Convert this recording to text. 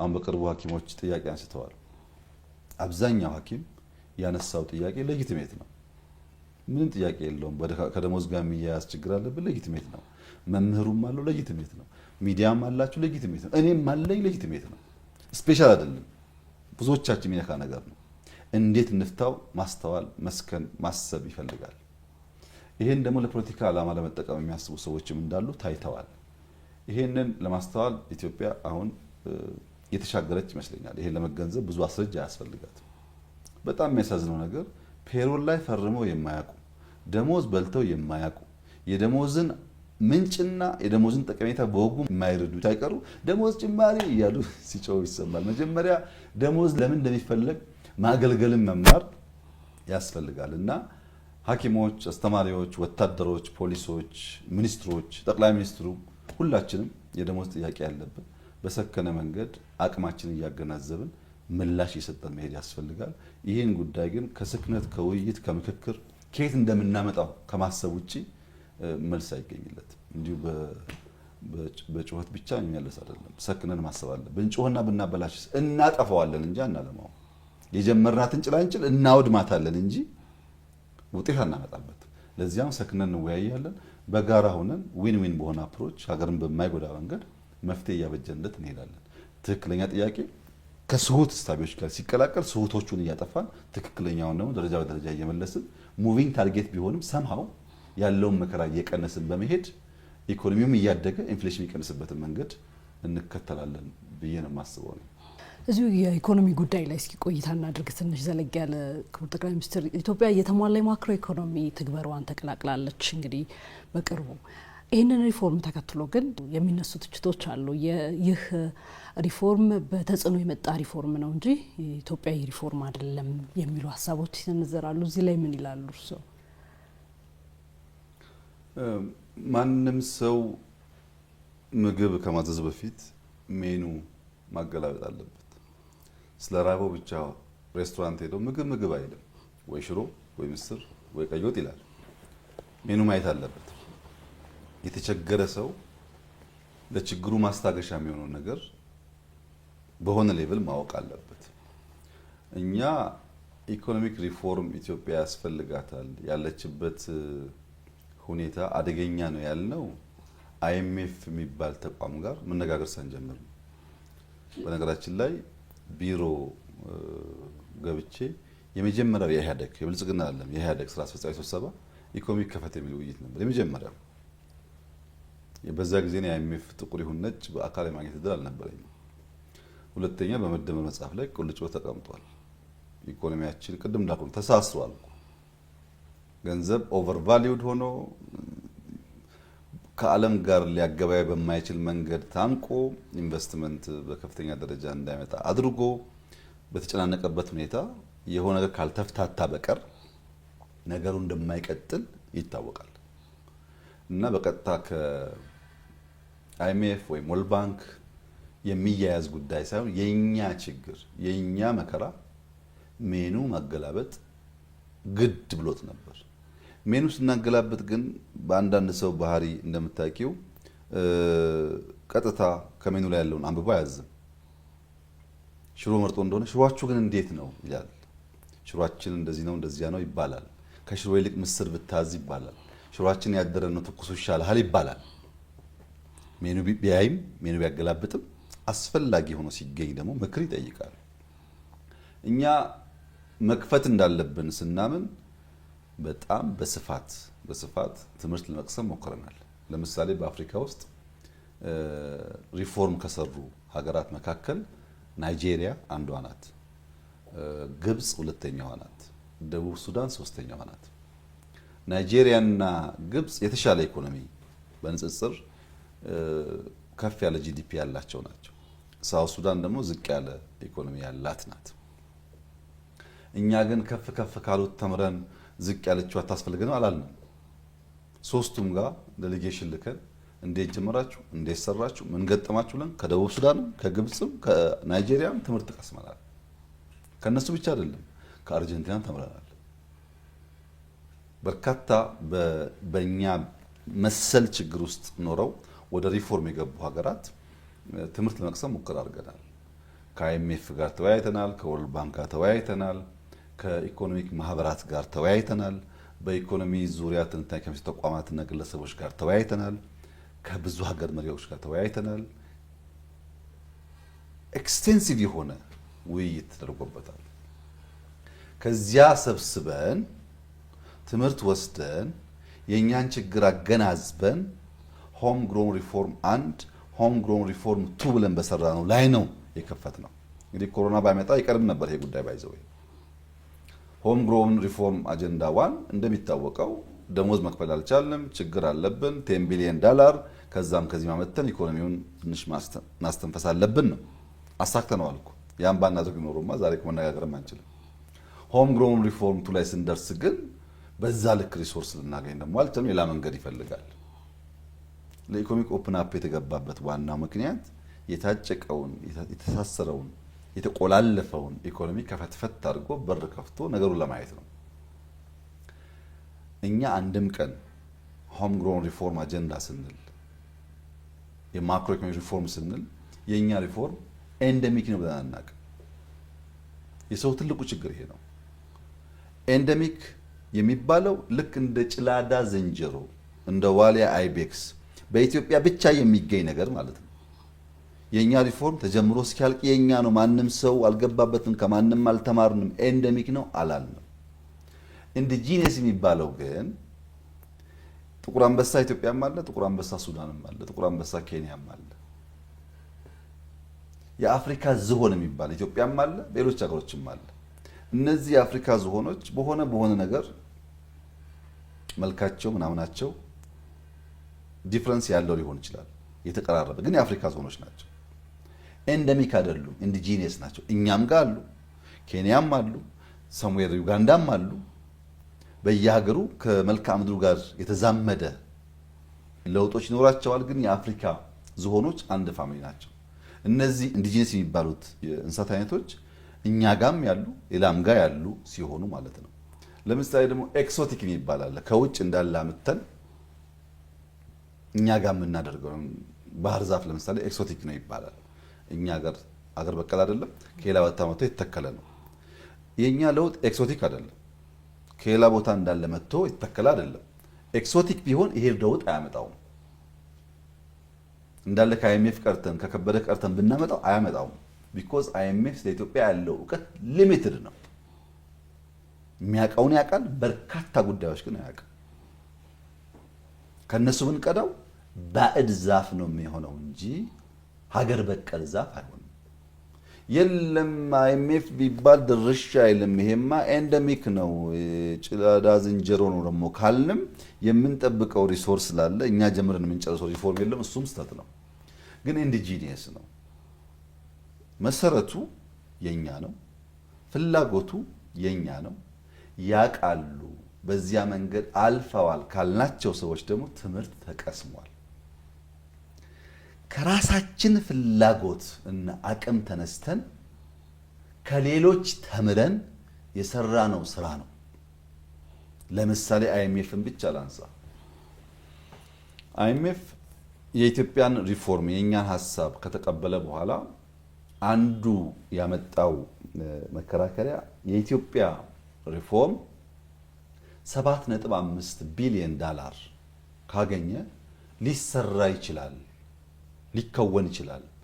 አሁን በቅርቡ ሐኪሞች ጥያቄ አንስተዋል። አብዛኛው ሐኪም ያነሳው ጥያቄ ሌጂቲሜት ነው። ምንም ጥያቄ የለውም። ከደሞዝ ጋር የሚያያዝ ችግር አለብን፣ ሌጂቲሜት ነው። መምህሩም አለው፣ ሌጂቲሜት ነው። ሚዲያም አላችሁ፣ ሌጂቲሜት ነው። እኔም አለኝ፣ ሌጂቲሜት ነው። ስፔሻል አይደለም፣ ብዙዎቻችን የሚነካ ነገር ነው። እንዴት እንፍታው? ማስተዋል፣ መስከን፣ ማሰብ ይፈልጋል። ይሄን ደግሞ ለፖለቲካ ዓላማ ለመጠቀም የሚያስቡ ሰዎችም እንዳሉ ታይተዋል። ይሄንን ለማስተዋል ኢትዮጵያ አሁን የተሻገረች ይመስለኛል። ይሄን ለመገንዘብ ብዙ አስረጅ አያስፈልጋትም። በጣም የሚያሳዝነው ነገር ፔሮል ላይ ፈርመው የማያውቁ ደሞዝ በልተው የማያውቁ የደሞዝን ምንጭና የደሞዝን ጠቀሜታ በወጉ የማይረዱ ሳይቀሩ ደሞዝ ጭማሪ እያሉ ሲጮው ይሰማል። መጀመሪያ ደሞዝ ለምን እንደሚፈለግ ማገልገልን መማር ያስፈልጋል እና ሐኪሞች፣ አስተማሪዎች፣ ወታደሮች፣ ፖሊሶች፣ ሚኒስትሮች፣ ጠቅላይ ሚኒስትሩ ሁላችንም የደሞዝ ጥያቄ ያለብን በሰከነ መንገድ አቅማችን እያገናዘብን ምላሽ እየሰጠን መሄድ ያስፈልጋል። ይህን ጉዳይ ግን ከስክነት ከውይይት ከምክክር ከየት እንደምናመጣው ከማሰብ ውጭ መልስ አይገኝለት። እንዲሁ በጩኸት ብቻ የሚመለስ አይደለም። ሰክነን ማሰብ አለ። ብንጮህና ብናበላሽ እናጠፋዋለን እንጂ አናለማው። የጀመርናትን ጭላንጭል እናወድማታለን እንጂ ውጤት አናመጣበት። ለዚያም ሰክነን እንወያያለን። በጋራ ሆነን ዊን ዊን በሆነ አፕሮች ሀገርን በማይጎዳ መንገድ መፍትሄ እያበጀንለት እንሄዳለን። ትክክለኛ ጥያቄ ከስሁት እሳቤዎች ጋር ሲቀላቀል ስሁቶቹን እያጠፋን ትክክለኛውን ደግሞ ደረጃ በደረጃ እየመለስን ሙቪንግ ታርጌት ቢሆንም ሰምሃው ያለውን መከራ እየቀነስን በመሄድ ኢኮኖሚውም እያደገ ኢንፍሌሽን የሚቀንስበትን መንገድ እንከተላለን ብዬ ነው የማስበው ነው። እዚሁ የኢኮኖሚ ጉዳይ ላይ እስኪ ቆይታ እናድርግ ትንሽ ዘለግ ያለ። ክቡር ጠቅላይ ሚኒስትር ኢትዮጵያ የተሟላ የማክሮ ኢኮኖሚ ትግበሯን ተቀላቅላለች እንግዲህ በቅርቡ ይህንን ሪፎርም ተከትሎ ግን የሚነሱ ትችቶች አሉ። ይህ ሪፎርም በተጽዕኖ የመጣ ሪፎርም ነው እንጂ ኢትዮጵያዊ ሪፎርም አይደለም የሚሉ ሀሳቦች ይሰነዘራሉ። እዚህ ላይ ምን ይላሉ እርስዎ? ማንም ሰው ምግብ ከማዘዝ በፊት ሜኑ ማገላበጥ አለበት። ስለ ራበው ብቻ ሬስቶራንት ሄደው ምግብ ምግብ አይልም። ወይ ሽሮ፣ ወይ ምስር፣ ወይ ቀይ ወጥ ይላል። ሜኑ ማየት አለበት። የተቸገረ ሰው ለችግሩ ማስታገሻ የሚሆነው ነገር በሆነ ሌቭል ማወቅ አለበት። እኛ ኢኮኖሚክ ሪፎርም ኢትዮጵያ ያስፈልጋታል፣ ያለችበት ሁኔታ አደገኛ ነው ያልነው አይኤምኤፍ የሚባል ተቋም ጋር መነጋገር ሳንጀምር ነው። በነገራችን ላይ ቢሮ ገብቼ የመጀመሪያው የኢህአዴግ የብልጽግና ዓለም የኢህአዴግ ስራ አስፈጻሚ ስብሰባ ኢኮኖሚክ ከፈት የሚል ውይይት ነበር የመጀመሪያው። በዛ ጊዜ ነው አይኤምኤፍ ጥቁር ይሁን ነጭ በአካል የማግኘት እድል አልነበረኝም። ሁለተኛ በመደመር መጽሐፍ ላይ ቁልጭ ተቀምጧል። ኢኮኖሚያችን ቅድም እንዳልኩ ተሳስሯል። ገንዘብ ኦቨር ቫሊውድ ሆኖ ከዓለም ጋር ሊያገበያ በማይችል መንገድ ታንቆ ኢንቨስትመንት በከፍተኛ ደረጃ እንዳይመጣ አድርጎ በተጨናነቀበት ሁኔታ የሆነ ነገር ካልተፍታታ በቀር ነገሩ እንደማይቀጥል ይታወቃል። እና በቀጥታ ከአይኤምኤፍ ወይም ወርልድ ባንክ የሚያያዝ ጉዳይ ሳይሆን የእኛ ችግር የእኛ መከራ ሜኑ ማገላበጥ ግድ ብሎት ነበር። ሜኑ ስናገላበጥ ግን በአንዳንድ ሰው ባህሪ እንደምታውቂው ቀጥታ ከሜኑ ላይ ያለውን አንብቦ አያዝም። ሽሮ መርጦ እንደሆነ ሽሯችሁ ግን እንዴት ነው ይላል። ሽሯችን እንደዚህ ነው እንደዚያ ነው ይባላል። ከሽሮ ይልቅ ምስር ብታዝ ይባላል። ስሯችን ያደረ ነው ትኩሱ ይሻልሃል ይባላል። ሜኑ ቢያይም ሜኑ ቢያገላብጥም አስፈላጊ ሆኖ ሲገኝ ደግሞ ምክር ይጠይቃል። እኛ መክፈት እንዳለብን ስናምን በጣም በስፋት በስፋት ትምህርት ለመቅሰም ሞክረናል። ለምሳሌ በአፍሪካ ውስጥ ሪፎርም ከሰሩ ሀገራት መካከል ናይጄሪያ አንዷ ናት። ግብፅ ሁለተኛዋ ናት። ደቡብ ሱዳን ሶስተኛዋ ናት። ናይጄሪያና ግብጽ የተሻለ ኢኮኖሚ በንጽጽር ከፍ ያለ ጂዲፒ ያላቸው ናቸው። ሳውት ሱዳን ደግሞ ዝቅ ያለ ኢኮኖሚ ያላት ናት። እኛ ግን ከፍ ከፍ ካሉት ተምረን ዝቅ ያለችው አታስፈልገንም አላልንም። ሶስቱም ጋር ዴሌጌሽን ልከን እንዴት ጀመራችሁ፣ እንዴት ሰራችሁ፣ ምን ገጠማችሁ ብለን ከደቡብ ሱዳንም ከግብፅም ከናይጄሪያም ትምህርት ቀስመናል። ከእነሱ ብቻ አይደለም ከአርጀንቲናም ተምረናል። በርካታ በእኛ መሰል ችግር ውስጥ ኖረው ወደ ሪፎርም የገቡ ሀገራት ትምህርት ለመቅሰም ሙከራ አድርገናል። ከአይኤምኤፍ ጋር ተወያይተናል። ከወርልድ ባንክ ጋር ተወያይተናል። ከኢኮኖሚክ ማህበራት ጋር ተወያይተናል። በኢኮኖሚ ዙሪያ ትንታኔ ከሚሰጡ ተቋማትና ግለሰቦች ጋር ተወያይተናል። ከብዙ ሀገር መሪዎች ጋር ተወያይተናል። ኤክስቴንሲቭ የሆነ ውይይት ተደርጎበታል። ከዚያ ሰብስበን ትምህርት ወስደን የእኛን ችግር አገናዝበን ሆም ግሮን ሪፎርም አንድ ሆም ግሮን ሪፎርም ቱ ብለን በሰራ ነው ላይ ነው የከፈት ነው። እንግዲህ ኮሮና ባይመጣ ይቀርም ነበር ይሄ ጉዳይ ባይዘው ሆም ግሮን ሪፎርም አጀንዳ ዋን እንደሚታወቀው ደሞዝ መክፈል አልቻልንም፣ ችግር አለብን። ቴን ቢሊየን ዳላር ከዛም ከዚህ ማመተን ኢኮኖሚውን ትንሽ ማስተንፈስ አለብን ነው አሳክተነዋል እኮ ያን ባናደርግ ኖሮማ ዛሬ መነጋገርም አንችልም። ሆም ግሮን ሪፎርም ቱ ላይ ስንደርስ ግን በዛ ልክ ሪሶርስ ልናገኝ ደግሞ አልተም ሌላ መንገድ ይፈልጋል። ለኢኮኖሚክ ኦፕን አፕ የተገባበት ዋናው ምክንያት የታጨቀውን፣ የተሳሰረውን፣ የተቆላለፈውን ኢኮኖሚ ከፈትፈት አድርጎ በር ከፍቶ ነገሩን ለማየት ነው። እኛ አንድም ቀን ሆም ግሮን ሪፎርም አጀንዳ ስንል የማክሮ ኢኮኖሚ ሪፎርም ስንል የእኛ ሪፎርም ኤንደሚክ ነው ብለን አናውቅም። የሰው ትልቁ ችግር ይሄ ነው። ኤንደሚክ የሚባለው ልክ እንደ ጭላዳ ዝንጀሮ እንደ ዋሊያ አይቤክስ በኢትዮጵያ ብቻ የሚገኝ ነገር ማለት ነው። የእኛ ሪፎርም ተጀምሮ እስኪያልቅ የእኛ ነው። ማንም ሰው አልገባበትም። ከማንም አልተማርንም። ኤንደሚክ ነው አላልንም። ኢንዲጂነስ የሚባለው ግን ጥቁር አንበሳ ኢትዮጵያም አለ፣ ጥቁር አንበሳ ሱዳንም አለ፣ ጥቁር አንበሳ ኬንያም አለ። የአፍሪካ ዝሆን የሚባል ኢትዮጵያም አለ፣ ሌሎች ሀገሮችም አለ። እነዚህ የአፍሪካ ዝሆኖች በሆነ በሆነ ነገር መልካቸው ምናምናቸው ዲፍረንስ ያለው ሊሆን ይችላል፣ የተቀራረበ ግን የአፍሪካ ዝሆኖች ናቸው። ኤንደሚክ አይደሉም፣ ኢንዲጂኒየስ ናቸው። እኛም ጋር አሉ፣ ኬንያም አሉ፣ ሰሙዌር ዩጋንዳም አሉ። በየሀገሩ ከመልክዓ ምድሩ ጋር የተዛመደ ለውጦች ይኖራቸዋል። ግን የአፍሪካ ዝሆኖች አንድ ፋሚሊ ናቸው። እነዚህ ኢንዲጂነስ የሚባሉት የእንስሳት አይነቶች እኛ ጋም ያሉ ሌላም ጋ ያሉ ሲሆኑ ማለት ነው። ለምሳሌ ደግሞ ኤክሶቲክ የሚባል አለ። ከውጭ እንዳለ አምጥተን እኛ ጋር የምናደርገው ባህር ዛፍ ለምሳሌ ኤክሶቲክ ነው ይባላል። እኛ ሀገር አገር በቀል አይደለም፣ ከሌላ ቦታ መጥቶ የተተከለ ነው። የእኛ ለውጥ ኤክሶቲክ አይደለም፣ ከሌላ ቦታ እንዳለ መጥቶ የተተከለ አይደለም። ኤክሶቲክ ቢሆን ይሄ ለውጥ አያመጣውም። እንዳለ ከአይኤምኤፍ ቀርተን ከከበደ ቀርተን ብናመጣው አያመጣውም። ቢኮዝ አይኤምኤፍ ለኢትዮጵያ ያለው እውቀት ሊሚትድ ነው። የሚያውቀውን ያውቃል፣ በርካታ ጉዳዮች ግን አያውቅም። ከእነሱ ብንቀዳው ባዕድ ዛፍ ነው የሚሆነው እንጂ ሀገር በቀል ዛፍ አይሆንም። የለም አይኤምኤፍ ቢባል ድርሻ አይልም። ይሄማ ኤንደሚክ ነው፣ ጭላዳ ዝንጀሮ ነው። ደግሞ ካልንም የምንጠብቀው ሪሶርስ ስላለ እኛ ጀምረን የምንጨርሰው ሪፎርም የለም። እሱም ስተት ነው፣ ግን ኢንዲጂኒየስ ነው። መሰረቱ የኛ ነው፣ ፍላጎቱ የኛ ነው። ያቃሉ በዚያ መንገድ አልፈዋል ካልናቸው ሰዎች ደግሞ ትምህርት ተቀስሟል። ከራሳችን ፍላጎት እና አቅም ተነስተን ከሌሎች ተምረን የሰራ ነው ስራ ነው። ለምሳሌ አይኤምኤፍን ብቻ ላንሳ። አይኤምኤፍ የኢትዮጵያን ሪፎርም የእኛን ሀሳብ ከተቀበለ በኋላ አንዱ ያመጣው መከራከሪያ የኢትዮጵያ ሪፎርም 7.5 ቢሊዮን ዳላር ካገኘ ሊሰራ ይችላል፣ ሊከወን ይችላል